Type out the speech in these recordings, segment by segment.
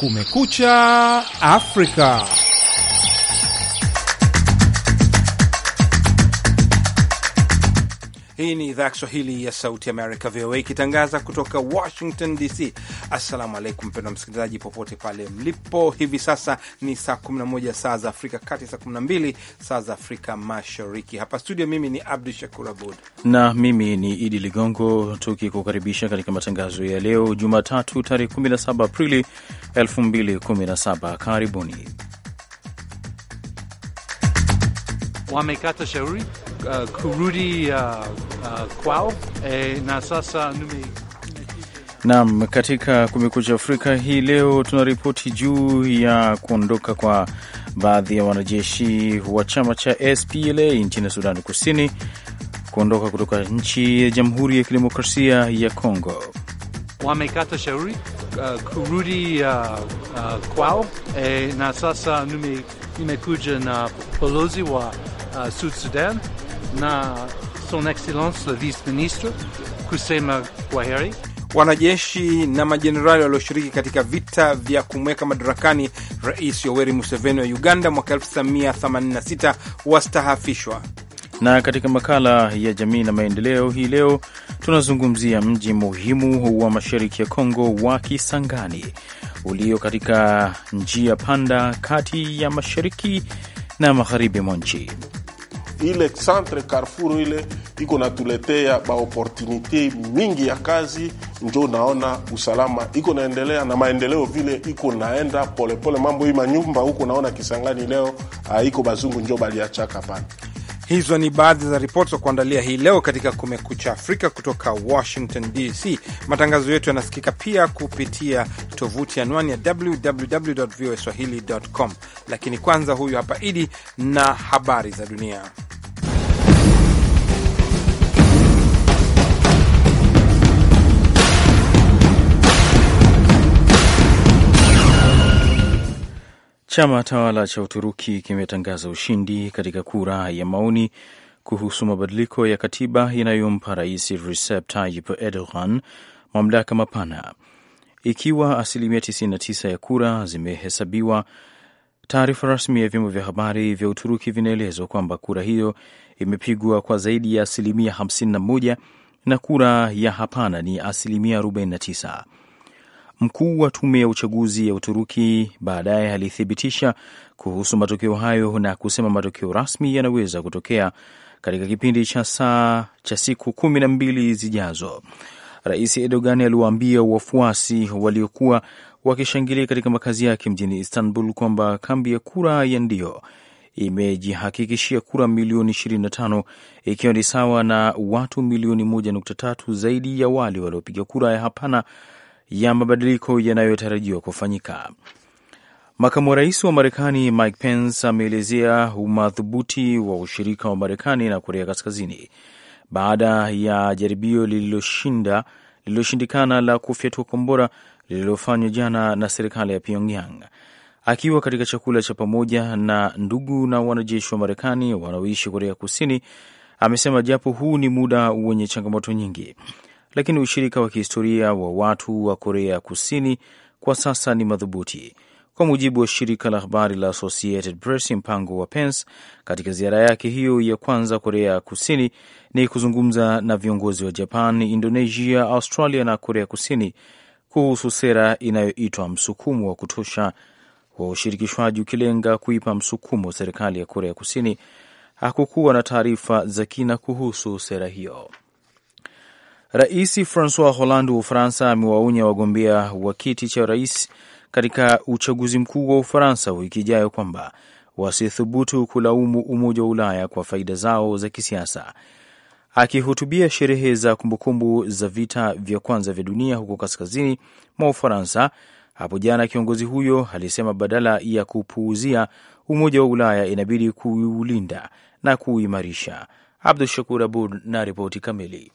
Kumekucha Afrika. Hii ni idhaa ya Kiswahili ya Sauti Amerika, VOA, ikitangaza kutoka Washington DC. Assalamu alaikum, mpendwa msikilizaji, popote pale mlipo. Hivi sasa ni saa 11 saa za Afrika Kati, saa 12 saa za Afrika Mashariki. Hapa studio, mimi ni Abdu Shakur Abud na mimi ni Idi Ligongo, tukikukaribisha katika matangazo ya leo Jumatatu, tarehe 17 Aprili 2017. Karibuni. Wamekata shauri uh, kurudi uh, uh, uh, kwao e, na sasa nume nam katika Kumekucha Afrika hii leo tuna ripoti juu ya kuondoka kwa baadhi ya wanajeshi wa chama cha SPLA nchini Sudani Kusini, kuondoka kutoka nchi ya Jamhuri ya Kidemokrasia ya Kongo. Wamekata shauri uh, kurudi uh, uh, kwao e, na sasa nimekuja na polozi wa uh, Sud Sudan na Son Excellence le Vice Ministre kusema kwaheri. Wanajeshi na majenerali walioshiriki katika vita vya kumweka madarakani Rais Yoweri Museveni wa Uganda mwaka 1986 wastahafishwa. Na katika makala ya jamii na maendeleo hii leo tunazungumzia mji muhimu wa mashariki ya Kongo wa Kisangani ulio katika njia panda kati ya mashariki na magharibi mwa nchi ile centre Carrefour ile iko natuletea ba baoportunite mingi ya kazi, njo naona usalama iko naendelea na maendeleo vile iko naenda polepole pole. Mambo hii manyumba huko naona Kisangani leo haiko ah, bazungu njo baliachaka pana Hizo ni baadhi za ripoti za kuandalia hii leo katika Kumekucha Afrika kutoka Washington DC. Matangazo yetu yanasikika pia kupitia tovuti anwani ya www voa swahili com, lakini kwanza, huyu hapa Idi na habari za dunia. Chama tawala cha Uturuki kimetangaza ushindi katika kura ya maoni kuhusu mabadiliko ya katiba inayompa rais Recep Tayyip Erdogan mamlaka mapana. Ikiwa asilimia 99 ya kura zimehesabiwa, taarifa rasmi ya vyombo vya habari vya Uturuki vinaelezwa kwamba kura hiyo imepigwa kwa zaidi ya asilimia 51 na kura ya hapana ni asilimia 49. Mkuu wa tume ya uchaguzi ya Uturuki baadaye alithibitisha kuhusu matokeo hayo na kusema matokeo rasmi yanaweza kutokea katika kipindi cha saa cha siku kumi na mbili zijazo. Rais Erdogan aliwaambia wafuasi waliokuwa wakishangilia katika makazi yake mjini Istanbul kwamba kambi ya kura ya ndio imejihakikishia kura milioni 25 ikiwa ni sawa na watu milioni 1.3 zaidi ya wale waliopiga kura ya hapana ya mabadiliko yanayotarajiwa kufanyika. Makamu wa rais wa Marekani Mike Pence ameelezea umadhubuti wa ushirika wa Marekani na Korea Kaskazini baada ya jaribio lililoshinda lililoshindikana la kufyatua kombora lililofanywa jana na serikali ya Pyongyang. Akiwa katika chakula cha pamoja na ndugu na wanajeshi wa Marekani wanaoishi Korea Kusini, amesema japo huu ni muda wenye changamoto nyingi, lakini ushirika wa kihistoria wa watu wa Korea Kusini kwa sasa ni madhubuti. Kwa mujibu wa shirika la habari la Associated Press, mpango wa Pence katika ziara yake hiyo ya kwanza Korea Kusini ni kuzungumza na viongozi wa Japan, Indonesia, Australia na Korea Kusini kuhusu sera inayoitwa msukumo wa kutosha wa ushirikishwaji, ukilenga kuipa msukumo serikali ya Korea Kusini. Hakukuwa na taarifa za kina kuhusu sera hiyo. Rais Francois Hollande wa Ufaransa amewaonya wagombea wa kiti cha rais katika uchaguzi mkuu wa Ufaransa wiki ijayo kwamba wasithubutu kulaumu Umoja wa Ulaya kwa faida zao za kisiasa. Akihutubia sherehe za kumbukumbu za vita vya kwanza vya dunia huko kaskazini mwa Ufaransa hapo jana, kiongozi huyo alisema badala ya kupuuzia Umoja wa Ulaya inabidi kuulinda na kuuimarisha. Abdu Shakur Abud na ripoti kamili.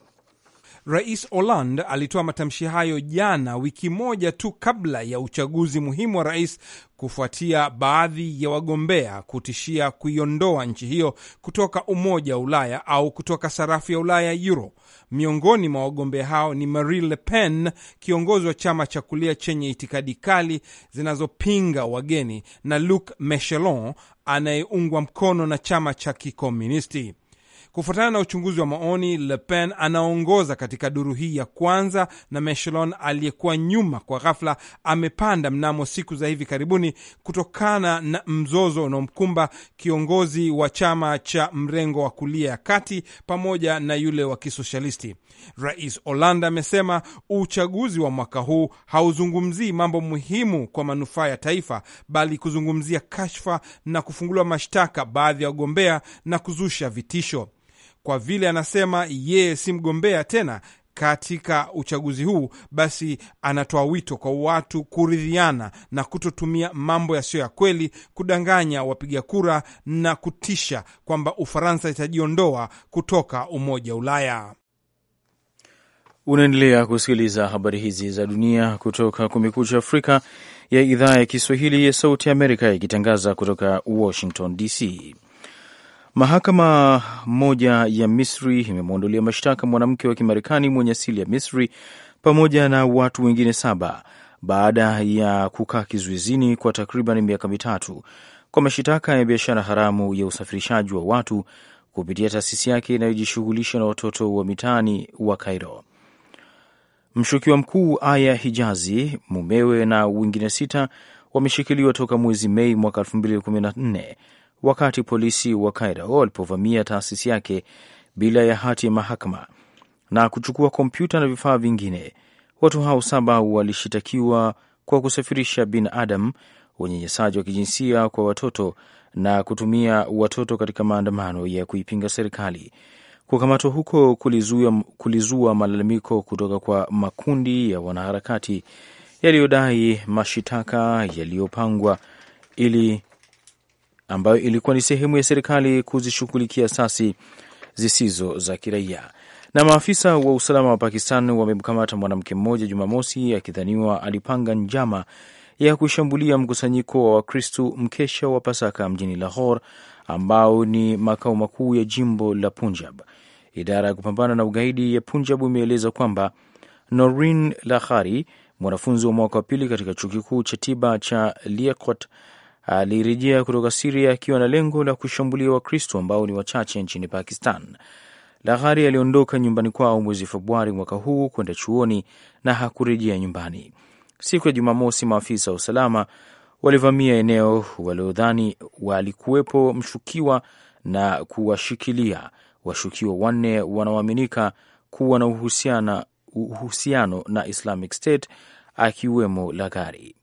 Rais Hollande alitoa matamshi hayo jana, wiki moja tu kabla ya uchaguzi muhimu wa rais, kufuatia baadhi ya wagombea kutishia kuiondoa nchi hiyo kutoka Umoja wa Ulaya au kutoka sarafu ya Ulaya, euro. Miongoni mwa wagombea hao ni Marine Le Pen, kiongozi wa chama cha kulia chenye itikadi kali zinazopinga wageni, na Luc Mechelon anayeungwa mkono na chama cha Kikomunisti. Kufuatana na uchunguzi wa maoni, Le Pen anaongoza katika duru hii ya kwanza, na Mechelon aliyekuwa nyuma kwa ghafla amepanda mnamo siku za hivi karibuni kutokana na mzozo unaomkumba kiongozi wa chama cha mrengo wa kulia ya kati pamoja na yule wa kisoshalisti. Rais Hollande amesema uchaguzi wa mwaka huu hauzungumzii mambo muhimu kwa manufaa ya taifa, bali kuzungumzia kashfa na kufunguliwa mashtaka baadhi ya wagombea na kuzusha vitisho kwa vile anasema yeye si mgombea tena katika uchaguzi huu, basi anatoa wito kwa watu kuridhiana na kutotumia mambo yasiyo ya kweli kudanganya wapiga kura na kutisha kwamba Ufaransa itajiondoa kutoka Umoja wa Ulaya. Unaendelea kusikiliza habari hizi za dunia kutoka Kumekucha Afrika ya idhaa ya Kiswahili ya Sauti ya Amerika, ikitangaza kutoka Washington DC. Mahakama moja ya Misri imemwondolia mashtaka mwanamke wa Kimarekani mwenye asili ya Misri pamoja na watu wengine saba baada ya kukaa kizuizini kwa takriban miaka mitatu kwa mashitaka ya biashara haramu ya usafirishaji wa watu kupitia taasisi yake inayojishughulisha na watoto wa mitaani wa Cairo. Mshukiwa mkuu Aya Hijazi, mumewe na wengine sita wameshikiliwa toka mwezi Mei mwaka 2014 wakati polisi wa Kairo walipovamia taasisi yake bila ya hati ya mahakama na kuchukua kompyuta na vifaa vingine. Watu hao saba walishitakiwa kwa kusafirisha binadamu, unyanyasaji wa kijinsia kwa watoto na kutumia watoto katika maandamano ya kuipinga serikali. Kukamatwa huko kulizua, kulizua malalamiko kutoka kwa makundi ya wanaharakati yaliyodai mashitaka yaliyopangwa ili ambayo ilikuwa ni sehemu ya serikali kuzishughulikia asasi zisizo za kiraia. Na maafisa wa usalama wa Pakistan wamemkamata mwanamke mmoja Jumamosi akidhaniwa alipanga njama ya kushambulia mkusanyiko wa Wakristu mkesha wa Pasaka mjini Lahore, ambao ni makao makuu ya jimbo la Punjab. Idara ya kupambana na ugaidi ya Punjab imeeleza kwamba Norin Lahari, mwanafunzi wa mwaka wa pili katika chuo kikuu cha tiba cha Liaquat alirejea kutoka Siria akiwa na lengo la kushambulia Wakristo ambao ni wachache nchini Pakistan. Laghari aliondoka nyumbani kwao mwezi Februari mwaka huu kwenda chuoni na hakurejea nyumbani. Siku ya Jumamosi, maafisa wa usalama walivamia eneo waliodhani walikuwepo mshukiwa na kuwashikilia washukiwa wanne wanaoaminika kuwa na uhusiana, uhusiano na Islamic State akiwemo Lagari.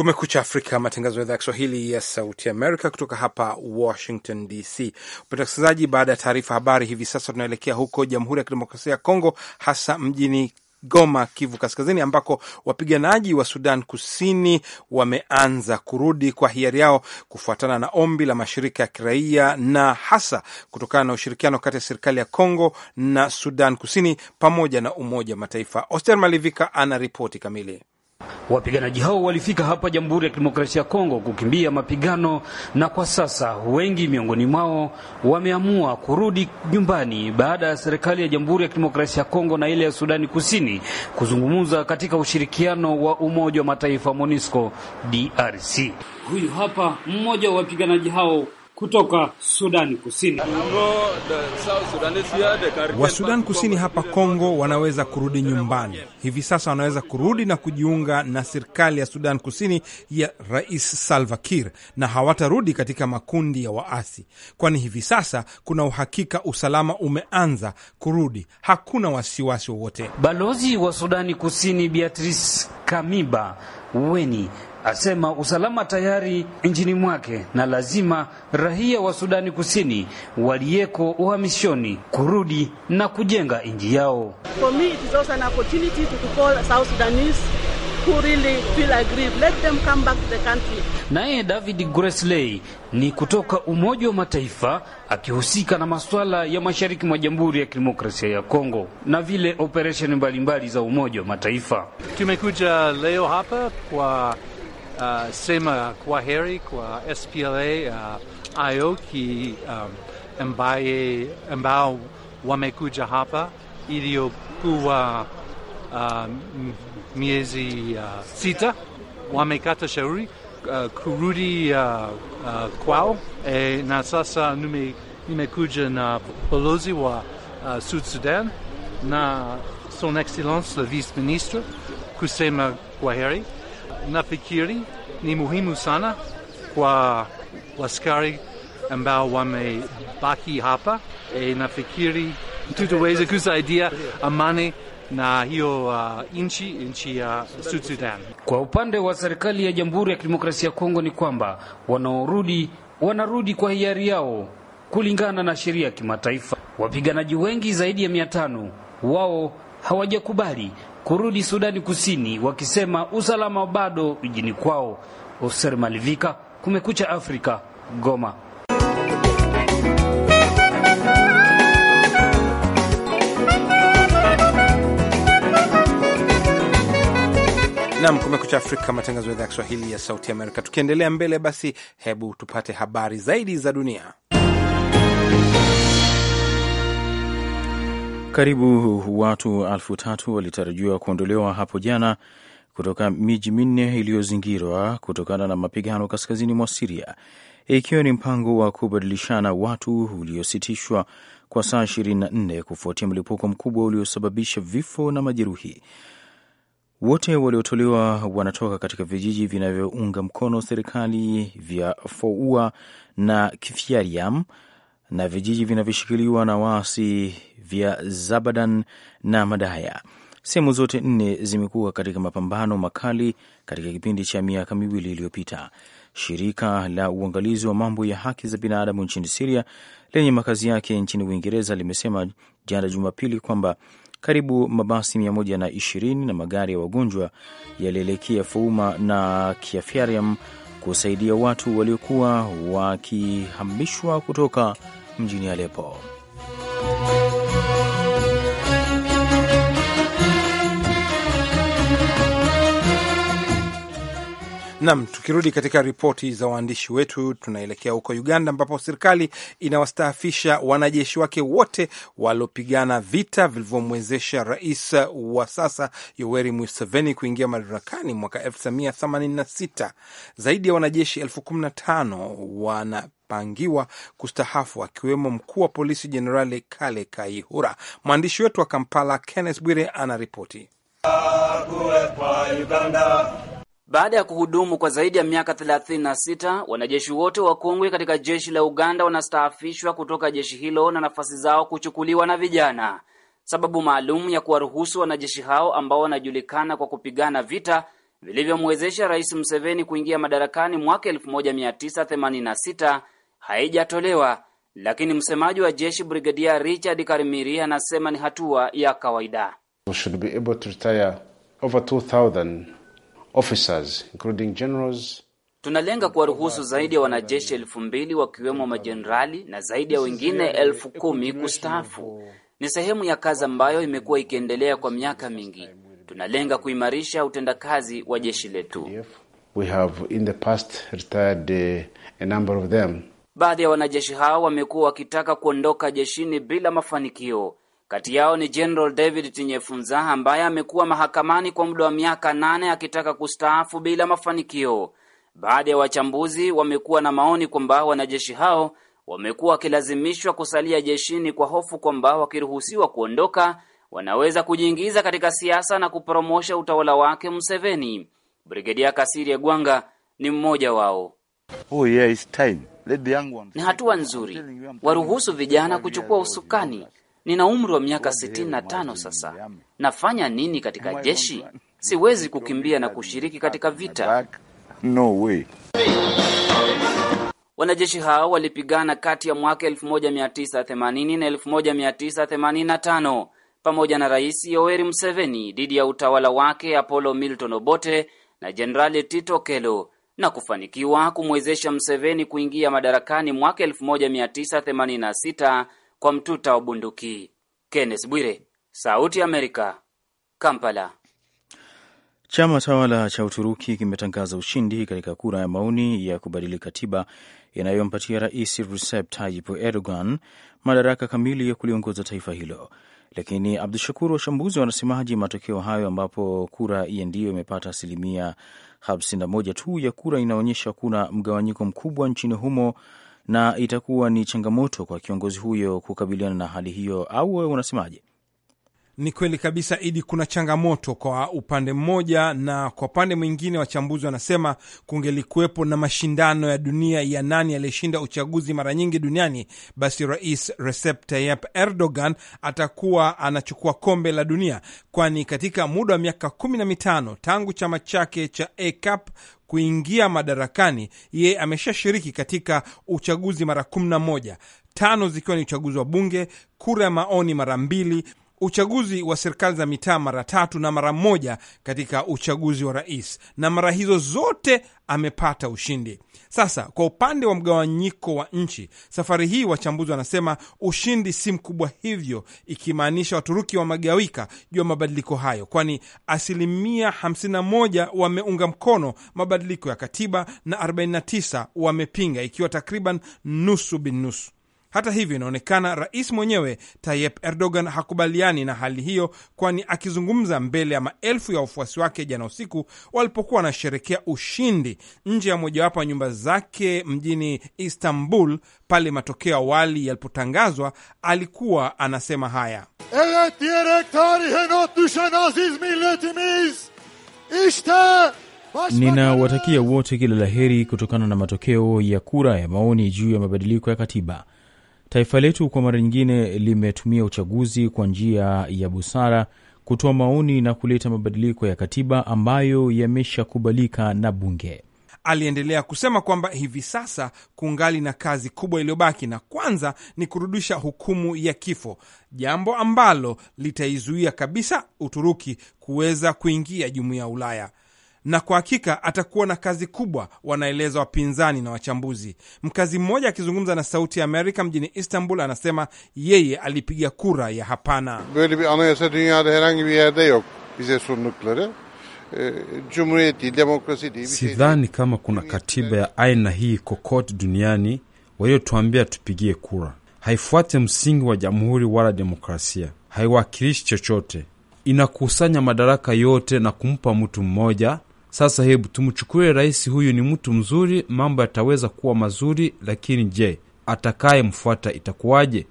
Kumekucha Afrika, matangazo ya idhaa ya Kiswahili ya Sauti Amerika kutoka hapa Washington DC. Upenda kusikilizaji, baada ya taarifa habari, hivi sasa tunaelekea huko Jamhuri ya Kidemokrasia ya Kongo, hasa mjini Goma, Kivu Kaskazini, ambako wapiganaji wa Sudan Kusini wameanza kurudi kwa hiari yao kufuatana na ombi la mashirika ya kiraia na hasa kutokana na ushirikiano kati ya serikali ya Kongo na Sudan Kusini pamoja na Umoja wa Mataifa. Oster Malivika ana ripoti kamili. Wapiganaji hao walifika hapa Jamhuri ya Kidemokrasia ya Kongo kukimbia mapigano, na kwa sasa wengi miongoni mwao wameamua kurudi nyumbani baada ya serikali ya Jamhuri ya Kidemokrasia ya Kongo na ile ya Sudani Kusini kuzungumza katika ushirikiano wa Umoja wa Mataifa MONUSCO DRC. Huyu hapa mmoja wa wapiganaji hao kutoka Sudan Kusini. Wa Sudan Kusini hapa Kongo wanaweza kurudi nyumbani hivi sasa, wanaweza kurudi na kujiunga na serikali ya Sudan Kusini ya Rais Salva Kiir, na hawatarudi katika makundi ya waasi, kwani hivi sasa kuna uhakika usalama umeanza kurudi, hakuna wasiwasi wowote. Balozi wa Sudani Kusini Beatrice Kamiba Weni asema usalama tayari nchini mwake na lazima raia wa Sudani Kusini waliyeko uhamishoni kurudi na kujenga nchi yao. For me, it is also an opportunity to call South Sudanese who really feel aggrieved. Let them come back to the country. Naye David Gresley ni kutoka Umoja wa Mataifa akihusika na masuala ya mashariki mwa Jamhuri ya Kidemokrasia ya Kongo na vile operesheni mbalimbali za Umoja wa Mataifa. Tumekuja leo hapa kwa uh, sema kwa heri kwa SPLA uh, IO ki um, ambao wamekuja hapa iliyokuwa uh, miezi uh, sita wamekata shauri uh, kurudi uh, uh, kwao e, na sasa nime, nimekuja na balozi wa uh, Sud Sudan na son excellence la vice ministre kusema kwaheri. Nafikiri ni muhimu sana kwa waskari ambao wamebaki hapa e, nafikiri tutaweza kusaidia amani na hiyo uh, nchi nchi ya uh, Sudan. Kwa upande wa serikali ya Jamhuri ya Kidemokrasia ya Kongo ni kwamba wanaorudi wanarudi kwa hiari yao kulingana na sheria ya kimataifa. Wapiganaji wengi zaidi ya mia tano wao hawajakubali kurudi Sudani Kusini, wakisema usalama bado mjini kwao. Oser Malivika, Kumekucha Afrika, Goma. Nam, Kumekucha Afrika, matangazo ya idhaa ya Kiswahili ya Sauti Amerika. Tukiendelea mbele, basi hebu tupate habari zaidi za dunia. Karibu watu elfu tatu walitarajiwa kuondolewa hapo jana kutoka miji minne iliyozingirwa kutokana na mapigano kaskazini mwa Siria, ikiwa ni mpango wa kubadilishana watu uliositishwa kwa saa 24 kufuatia mlipuko mkubwa uliosababisha vifo na majeruhi wote waliotolewa wanatoka katika vijiji vinavyounga mkono serikali vya Foua na Kifyariam na vijiji vinavyoshikiliwa na waasi vya Zabadan na Madaya. Sehemu zote nne zimekuwa katika mapambano makali katika kipindi cha miaka miwili iliyopita. Shirika la uangalizi wa mambo ya haki za binadamu nchini Siria lenye makazi yake nchini Uingereza limesema jana Jumapili kwamba karibu mabasi 120 na magari ya wagonjwa yalielekea Fuma na Kiafyariam kusaidia watu waliokuwa wakihamishwa kutoka mjini Alepo. Nam, tukirudi katika ripoti za waandishi wetu, tunaelekea huko Uganda ambapo serikali inawastaafisha wanajeshi wake wote waliopigana vita vilivyomwezesha rais wa sasa Yoweri Museveni kuingia madarakani mwaka 1986. Zaidi ya wanajeshi elfu kumi na tano wanapangiwa kustahafu akiwemo mkuu wa polisi Jenerali Kale Kaihura. Mwandishi wetu wa Kampala Kenneth Bwire anaripoti. Baada ya kuhudumu kwa zaidi ya miaka 36 wanajeshi wote wakongwe katika jeshi la Uganda wanastaafishwa kutoka jeshi hilo na nafasi zao kuchukuliwa na vijana. Sababu maalum ya kuwaruhusu wanajeshi hao ambao wanajulikana kwa kupigana vita vilivyomwezesha Rais Museveni kuingia madarakani mwaka 1986 haijatolewa, lakini msemaji wa jeshi Brigadia Richard Karimiri anasema ni hatua ya kawaida. We should be able to retire over 2000 officers, including generals. Tunalenga kuwaruhusu zaidi ya wanajeshi elfu mbili wakiwemo majenerali na zaidi ya wengine elfu kumi kustaafu. Ni sehemu ya kazi ambayo imekuwa ikiendelea kwa miaka mingi. Tunalenga kuimarisha utendakazi wa jeshi letu. We have in the past retired uh, a number of them. Baadhi ya wanajeshi hao wamekuwa wakitaka kuondoka jeshini bila mafanikio. Kati yao ni General David Tinyefunza ambaye amekuwa mahakamani kwa muda wa miaka nane akitaka kustaafu bila mafanikio. Baadhi ya wachambuzi wamekuwa na maoni kwamba wanajeshi hao wamekuwa wakilazimishwa kusalia jeshini kwa hofu kwamba wakiruhusiwa kuondoka wanaweza kujiingiza katika siasa na kuporomosha utawala wake Museveni. Brigedia Kasirye Gwanga ni mmoja wao. Oh yeah, it's time. Let the young ones... ni hatua nzuri, waruhusu vijana kuchukua usukani Nina umri wa miaka sitini na tano sasa. Nafanya nini katika jeshi? Siwezi kukimbia na kushiriki katika vita. No way. Wanajeshi hao walipigana kati ya mwaka 1980 na 1985 pamoja na Rais Yoweri Museveni dhidi ya utawala wake Apollo Milton Obote na Jenerali Tito Okello na kufanikiwa kumwezesha Museveni kuingia madarakani mwaka 1986 kwa mtuta wa bunduki. Kenneth Bwire, Sauti ya Amerika, Kampala. Chama tawala cha Uturuki kimetangaza ushindi katika kura ya maoni ya kubadili katiba inayompatia Rais Recep Tayyip Erdogan madaraka kamili ya kuliongoza taifa hilo. Lakini Abdu Shakur, wachambuzi wanasemaje matokeo hayo, ambapo kura ya ndio imepata asilimia 51 tu ya kura inaonyesha kuna mgawanyiko mkubwa nchini humo na itakuwa ni changamoto kwa kiongozi huyo kukabiliana na hali hiyo, au wewe unasemaje? Ni kweli kabisa Idi, kuna changamoto kwa upande mmoja, na kwa upande mwingine wachambuzi wanasema kungelikuwepo na mashindano ya dunia ya nani aliyeshinda uchaguzi mara nyingi duniani, basi Rais Recep Tayyip Erdogan atakuwa anachukua kombe la dunia, kwani katika muda wa miaka kumi na mitano tangu chama chake cha ACAP kuingia madarakani, yeye ameshashiriki katika uchaguzi mara kumi na moja tano zikiwa ni uchaguzi wa bunge, kura ya maoni mara mbili, uchaguzi wa serikali za mitaa mara tatu na mara moja katika uchaguzi wa rais, na mara hizo zote amepata ushindi. Sasa kwa upande wa mgawanyiko wa nchi, safari hii wachambuzi wanasema ushindi si mkubwa hivyo, ikimaanisha Waturuki wamegawika juu ya mabadiliko hayo, kwani asilimia 51 wameunga mkono mabadiliko ya katiba na 49 wamepinga, ikiwa takriban nusu binusu. Hata hivyo, inaonekana rais mwenyewe Tayyip Erdogan hakubaliani na hali hiyo, kwani akizungumza mbele ya maelfu ya wafuasi wake jana usiku walipokuwa wanasherekea ushindi nje ya mojawapo ya nyumba zake mjini Istanbul, pale matokeo awali yalipotangazwa, alikuwa anasema haya: evet diyerek tarihe not dushen aziz milletimiz işte Ninawatakia wote kila laheri kutokana na matokeo ya kura ya maoni juu ya mabadiliko ya katiba. Taifa letu kwa mara nyingine limetumia uchaguzi kwa njia ya busara kutoa maoni na kuleta mabadiliko ya katiba ambayo yameshakubalika na bunge. Aliendelea kusema kwamba hivi sasa kungali na kazi kubwa iliyobaki, na kwanza ni kurudisha hukumu ya kifo, jambo ambalo litaizuia kabisa Uturuki kuweza kuingia jumuiya ya Ulaya na kwa hakika atakuwa na kazi kubwa, wanaeleza wapinzani na wachambuzi. Mkazi mmoja akizungumza na Sauti ya Amerika mjini Istanbul anasema yeye alipiga kura ya hapana. böyle bir anayasa dünyada herhangi bir yerde yok bize sundukları ee, Sidhani kama kuna katiba ya aina hii kokote duniani waliotuambia tupigie kura. Haifuate msingi wa jamhuri wala demokrasia, haiwakilishi chochote. Inakusanya madaraka yote na kumpa mtu mmoja sasa hebu tumchukue rais huyu ni mtu mzuri, mambo yataweza kuwa mazuri, lakini je, atakayemfuata itakuwaje?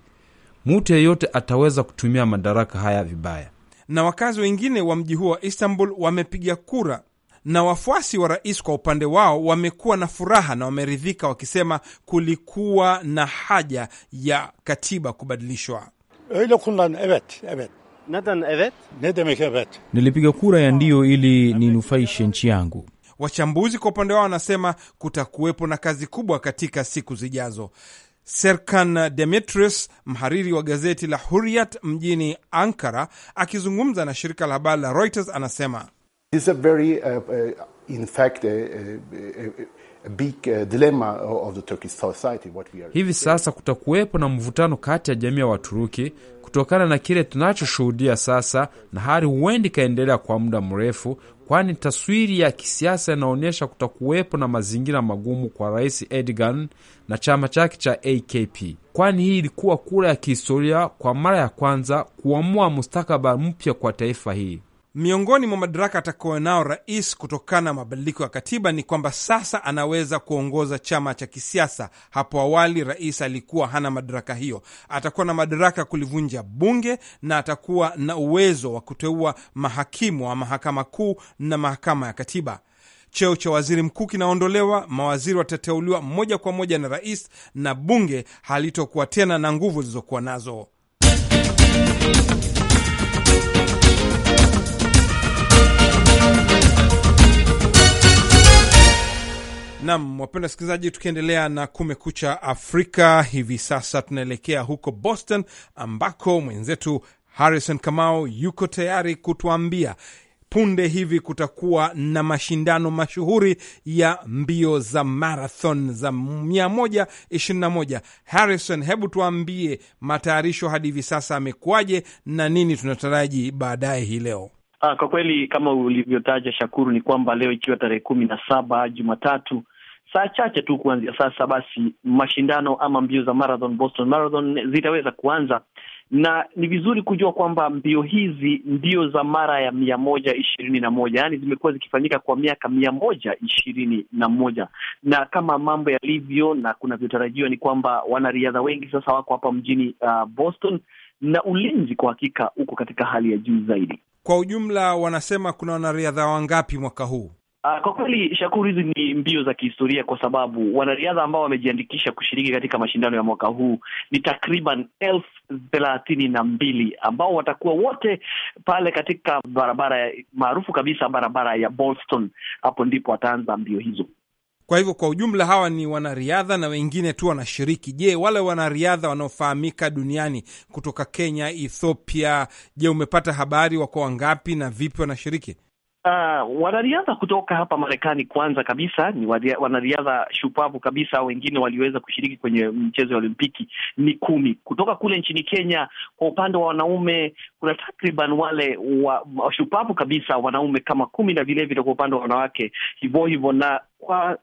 Mtu yeyote ataweza kutumia madaraka haya vibaya. Na wakazi wengine wa mji huo wa Istanbul wamepiga kura na wafuasi wa rais kwa upande wao wamekuwa na furaha na wameridhika, wakisema kulikuwa na haja ya katiba kubadilishwa. öyle kullan evet evet Nathan evet? Ne evet? Nilipiga kura ya ndio ili ninufaishe nchi yangu. Wachambuzi kwa upande wao wanasema kutakuwepo na kazi kubwa katika siku zijazo. Serkan Demetrius, mhariri wa gazeti la Hurriyet mjini Ankara, akizungumza na shirika la habari la Reuters, anasema It's a very, uh, uh, in fact, uh, uh, uh Uh, Hivi sasa kutakuwepo na mvutano kati ya jamii ya Waturuki kutokana na kile tunachoshuhudia sasa, na hali huendi ikaendelea kwa muda mrefu, kwani taswiri ya kisiasa inaonyesha kutakuwepo na mazingira magumu kwa Rais Erdogan na chama chake cha AKP, kwani hii ilikuwa kura ya kihistoria kwa mara ya kwanza kuamua mustakabali mpya kwa taifa hili. Miongoni mwa madaraka atakuwa nao rais kutokana na mabadiliko ya katiba ni kwamba sasa anaweza kuongoza chama cha kisiasa. Hapo awali rais alikuwa hana madaraka hiyo. Atakuwa na madaraka kulivunja bunge na atakuwa na uwezo wa kuteua mahakimu wa mahakama kuu na mahakama ya katiba. Cheo cha waziri mkuu kinaondolewa, mawaziri watateuliwa moja kwa moja na rais, na bunge halitokuwa tena na nguvu zilizokuwa nazo. Nam, wapenda wasikilizaji, tukiendelea na Kumekucha Afrika hivi sasa, tunaelekea huko Boston ambako mwenzetu Harrison Kamau yuko tayari kutuambia punde hivi kutakuwa na mashindano mashuhuri ya mbio za marathon za 121. Harrison, hebu tuambie matayarisho hadi hivi sasa amekuwaje na nini tunataraji baadaye hii leo? Ah, kwa kweli kama ulivyotaja Shakuru, ni kwamba leo ikiwa tarehe kumi na saba Jumatatu saa chache tu kuanzia sasa, basi mashindano ama mbio za marathon, Boston Marathon zitaweza kuanza, na ni vizuri kujua kwamba mbio hizi ndio za mara ya mia moja ishirini na moja yaani zimekuwa zikifanyika kwa miaka mia moja ishirini na moja na kama mambo yalivyo na kunavyotarajiwa ni kwamba wanariadha wengi sasa wako hapa mjini uh, Boston na ulinzi kwa hakika uko katika hali ya juu zaidi. Kwa ujumla, wanasema kuna wanariadha wangapi mwaka huu? Uh, kwa kweli Shakuru, hizi ni mbio za kihistoria kwa sababu wanariadha ambao wamejiandikisha kushiriki katika mashindano ya mwaka huu ni takriban elfu thelathini na mbili ambao watakuwa wote pale katika barabara maarufu kabisa, barabara ya Boston. Hapo ndipo wataanza mbio hizo. Kwa hivyo kwa ujumla hawa ni wanariadha na wengine tu wanashiriki. Je, wale wanariadha wanaofahamika duniani kutoka Kenya, Ethiopia, je, umepata habari wako wangapi na vipi wanashiriki? Uh, wanariadha kutoka hapa Marekani kwanza kabisa ni wanariadha shupavu kabisa, wengine waliweza kushiriki kwenye mchezo ya Olimpiki ni kumi. Kutoka kule nchini Kenya, kwa upande wa wanaume kuna takriban wale wa, wa shupavu kabisa wanaume kama kumi na vilevile kwa upande wa wanawake hivyo hivyo, na kwa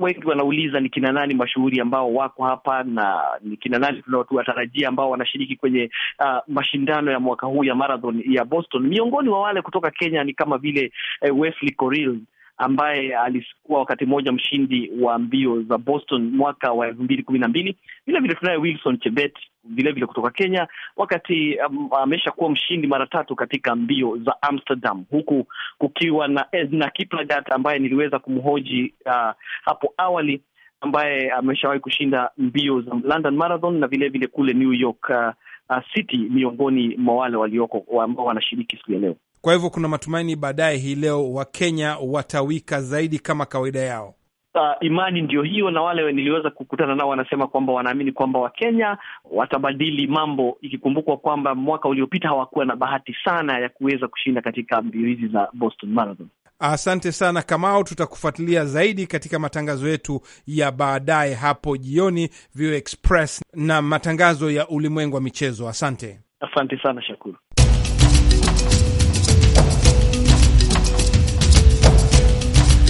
wengi wanauliza ni kina nani mashuhuri ambao wako hapa na ni kina nani tunawatarajia ambao wanashiriki kwenye uh, mashindano ya mwaka huu ya marathon ya Boston. Miongoni mwa wale kutoka Kenya ni kama vile uh, Wesley Korir ambaye alikuwa wakati mmoja mshindi wa mbio za Boston mwaka wa elfu mbili kumi na mbili. Vilevile tunaye Wilson Chebet vilevile kutoka Kenya, wakati um, ameshakuwa mshindi mara tatu katika mbio za Amsterdam, huku kukiwa na Edna Kiplagat ambaye niliweza kumhoji uh, hapo awali ambaye ameshawahi kushinda mbio za London Marathon na vilevile vile kule New York uh, uh, City miongoni mwa wale walioko ambao wanashiriki siku ya leo. Kwa hivyo kuna matumaini baadaye hii leo Wakenya watawika zaidi kama kawaida yao. Uh, imani ndio hiyo, na wale niliweza kukutana nao wanasema kwamba wanaamini kwamba Wakenya watabadili mambo, ikikumbukwa kwamba mwaka uliopita hawakuwa na bahati sana ya kuweza kushinda katika mbio hizi za Boston Marathon. Asante sana Kamau, tutakufuatilia zaidi katika matangazo yetu ya baadaye hapo jioni, View Express na matangazo ya ulimwengu wa michezo. Asante, asante sana Shakuru.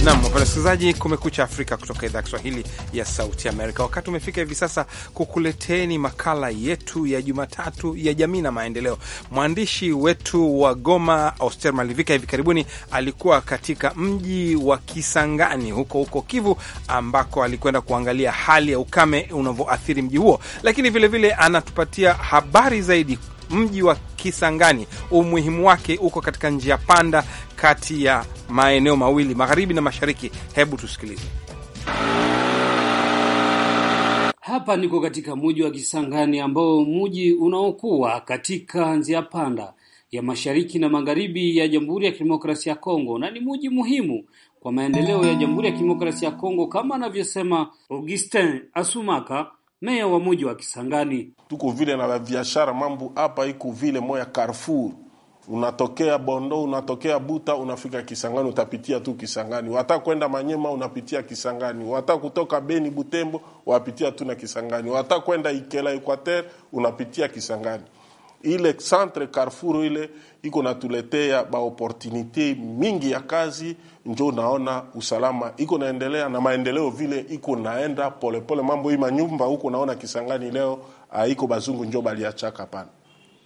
Nam wapenda wasikilizaji, Kumekucha Afrika kutoka idhaa ya Kiswahili ya Sauti Amerika. Wakati umefika hivi sasa kukuleteni makala yetu ya Jumatatu ya Jamii na Maendeleo. Mwandishi wetu wa Goma, Auster Malivika, hivi karibuni alikuwa katika mji wa Kisangani huko huko Kivu, ambako alikwenda kuangalia hali ya ukame unavyoathiri mji huo, lakini vilevile vile anatupatia habari zaidi mji wa Kisangani, umuhimu wake uko katika njia panda kati ya maeneo mawili, magharibi na mashariki. Hebu tusikilize. Hapa niko katika mji wa Kisangani, ambao mji unaokuwa katika njia panda ya mashariki na magharibi ya Jamhuri ya Kidemokrasia ya Kongo, na ni mji muhimu kwa maendeleo ya Jamhuri ya Kidemokrasia ya Kongo, kama anavyosema Augustin Asumaka, meya wa muji wa Kisangani. Tuko vile na la biashara mambo hapa iko vile moya Carrefour unatokea Bondo, unatokea Buta, unafika Kisangani, utapitia tu Kisangani. Wata kwenda Manyema, unapitia Kisangani. Wata kutoka Beni, Butembo, wapitia tu na Kisangani. Wata kwenda Ikela, Equateur, unapitia Kisangani ile centre Carrefour ile iko natuletea ba opportunite mingi ya kazi, njo naona usalama iko naendelea na maendeleo vile iko naenda polepole. Mambo hii manyumba huko naona Kisangani leo aiko ah, bazungu njo baliachaka, pana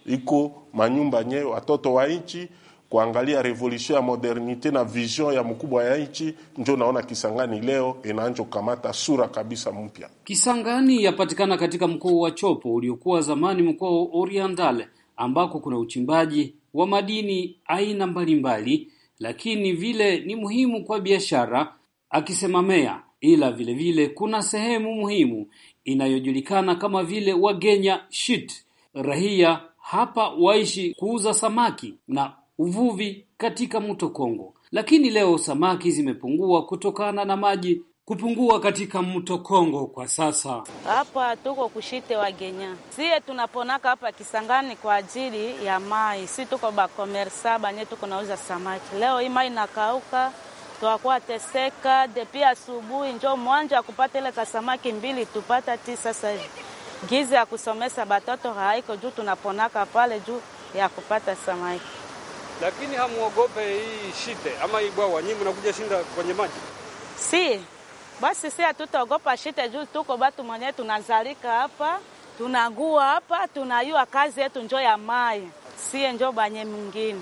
iko manyumba nyewe watoto wa nchi kuangalia revolution ya modernite na vision ya mkubwa ya nchi, njo naona Kisangani leo inaanza kukamata sura kabisa mpya. Kisangani yapatikana katika mkoa wa Chopo uliokuwa zamani mkoa wa Oriental, ambako kuna uchimbaji wa madini aina mbalimbali, lakini vile ni muhimu kwa biashara, akisema meya. Ila vile vile kuna sehemu muhimu inayojulikana kama vile Wagenya shit rahia hapa waishi kuuza samaki na uvuvi katika mto Kongo, lakini leo samaki zimepungua kutokana na maji kupungua katika mto Kongo. Kwa sasa hapa tuko kushite wagenya, sie tunaponaka hapa Kisangani kwa ajili ya mai, si tuko bakomersa banye tuko nauza samaki. Leo hii mai nakauka, twakuwa teseka depi asubuhi, njo mwanja ya kupata ile kasamaki mbili tupata ti sasa hivi gizi ya kusomesa batoto haiko juu tunaponaka pale juu ya kupata samaki lakini hamuogope hii shite ama hii bwawa, nyinyi mnakuja shinda kwenye maji. Si basi, si hatutaogopa shite juu tuko batu mwenyewe tunazalika hapa, tunagua hapa, tunayua kazi yetu njo ya mai, sie njo banye mingine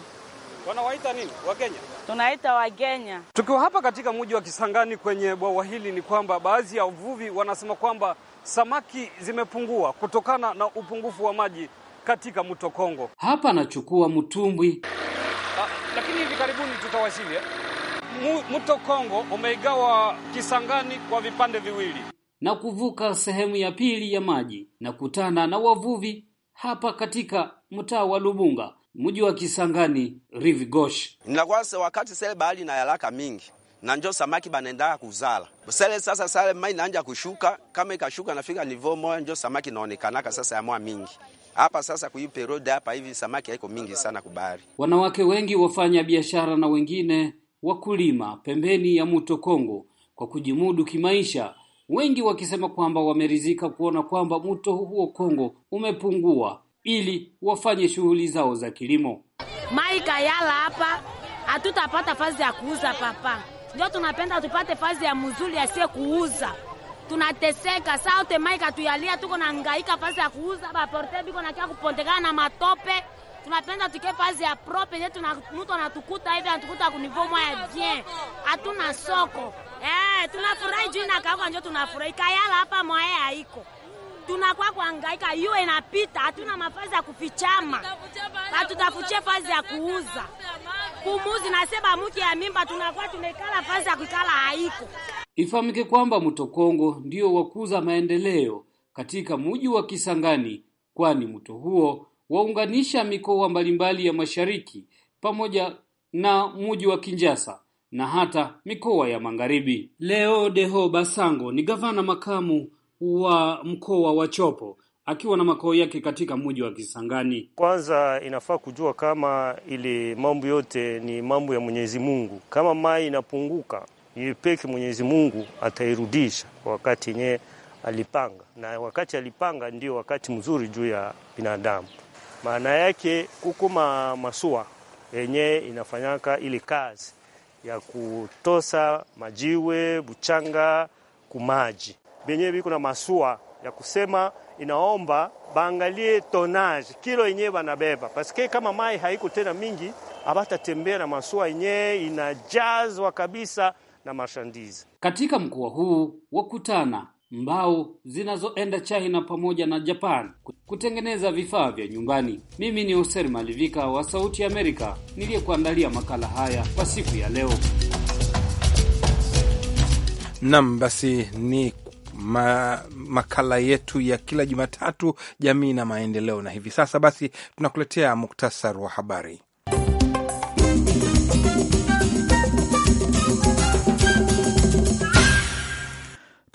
wanawaita nini Wakenya tunaita Wakenya. Tukiwa hapa katika mji wa Kisangani kwenye bwawa hili, ni kwamba baadhi ya wavuvi wanasema kwamba samaki zimepungua kutokana na upungufu wa maji katika mto Kongo. Hapa anachukua mtumbwi lakini hivi karibuni tutawasili eh? Mto Kongo umeigawa Kisangani kwa vipande viwili na kuvuka sehemu ya pili ya maji na kutana na wavuvi hapa katika mtaa wa Lubunga, mji wa Kisangani Rive Gauche. Inakuwa wakati sele bahari na yaraka mingi na njo samaki banaendaka kuzala sele. Sasa sale mai naanja kushuka, kama ikashuka nafika nivo moya, njo samaki naonekanaka sasa yamwa mingi hapa sasa kuipe period hapa hivi samaki haiko mingi sana kubahari. Wanawake wengi wafanya biashara na wengine wakulima pembeni ya mto Kongo kwa kujimudu kimaisha, wengi wakisema kwamba wameridhika kuona kwamba mto huo Kongo umepungua ili wafanye shughuli zao za kilimo. Maika yala hapa hatutapata fazi ya kuuza papa, ndio tunapenda tupate fazi ya mzuri asiye kuuza tunateseka, saute maika tuyalia, tuko na ngaika pasi ya kuuza baporte biko na kia kupondekana na matope tunapenda tuke pazi ya prope yetu na mtu anatukuta hivi anatukuta kunivo moya bien, hatuna soko eh, tunafurahi juu na kauka njo tunafurahi kayala hapa mwae haiko tunakuwa kuangaika, hiyo inapita, hatuna mafazi ya kufichama, hatutafuchie fazi ya kuuza kumuzi na seba muki ya mimba, tunakuwa tunekala fazi ya kuikala haiko Ifahamike kwamba Mto Kongo ndio wakuza maendeleo katika mji wa Kisangani, kwani mto huo waunganisha mikoa mbalimbali ya mashariki pamoja na mji wa kinjasa na hata mikoa ya magharibi. Leo Deho Basango ni gavana makamu wa mkoa wa Chopo akiwa na makao yake katika mji wa Kisangani. Kwanza inafaa kujua kama ili mambo yote ni mambo ya Mwenyezi Mungu. Kama mai inapunguka yeye peke Mwenyezi Mungu atairudisha wakati yenyewe alipanga, na wakati alipanga ndio wakati mzuri juu ya binadamu. Maana yake kukuma masua yenye inafanyaka ili kazi ya kutosa majiwe buchanga kumaji, benyewe biko na masua ya kusema inaomba baangalie tonage kilo yenyewe banabeba, paske kama mai haiko tena mingi, abatatembea na masua yenyewe inajazwa kabisa na mashandizi. Katika mkoa huu wakutana mbao zinazoenda China pamoja na Japan kutengeneza vifaa vya nyumbani. Mimi ni Hoser Malivika wa Sauti Amerika niliyekuandalia makala haya kwa siku ya leo. Nam, basi ni ma, makala yetu ya kila Jumatatu, jamii na maendeleo, na hivi sasa basi tunakuletea muktasar wa habari.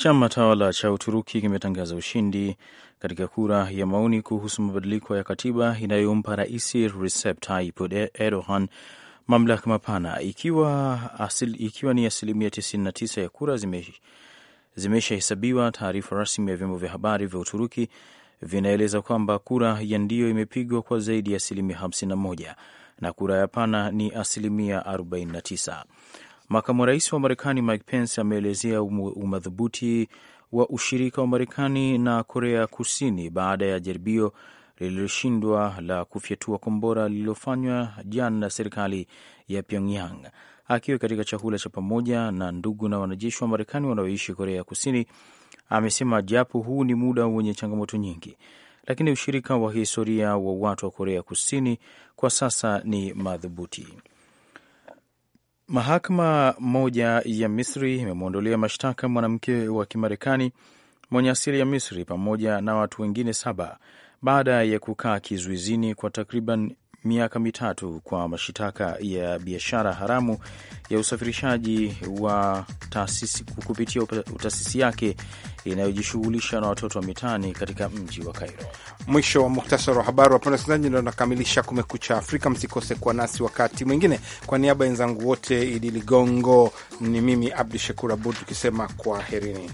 Chama tawala cha Uturuki kimetangaza ushindi katika kura ya maoni kuhusu mabadiliko ya katiba inayompa Rais Recep Tayyip Erdogan mamlaka mapana, ikiwa, asil, ikiwa ni asilimia 99 ya kura zimeshahesabiwa. Zime taarifa rasmi ya vyombo vya habari vya Uturuki vinaeleza kwamba kura ya ndio imepigwa kwa zaidi ya asilimia 51 na kura ya pana ni asilimia 49. Makamu rais wa Marekani Mike Pence ameelezea umadhubuti wa ushirika wa Marekani na Korea Kusini baada ya jaribio lililoshindwa la kufyatua kombora lililofanywa jana na serikali ya Pyongyang. Akiwa katika chakula cha pamoja na ndugu na wanajeshi wa Marekani wanaoishi Korea ya Kusini, amesema japo huu ni muda wenye changamoto nyingi, lakini ushirika wa historia wa watu wa Korea Kusini kwa sasa ni madhubuti. Mahakama moja ya Misri imemwondolea mashtaka mwanamke wa Kimarekani mwenye asili ya Misri pamoja na watu wengine saba baada ya kukaa kizuizini kwa takriban miaka mitatu kwa mashitaka ya biashara haramu ya usafirishaji wa taasisi kupitia taasisi yake inayojishughulisha na watoto wa mitaani katika mji wa Kairo. Mwisho wa muhtasari wa habari. Wapenda wasikilizaji, ndo nakamilisha Kumekucha Afrika. Msikose kuwa nasi wakati mwingine. Kwa niaba ya wenzangu wote, Idi Ligongo, ni mimi Abdu Shakur Abud tukisema kwaherini.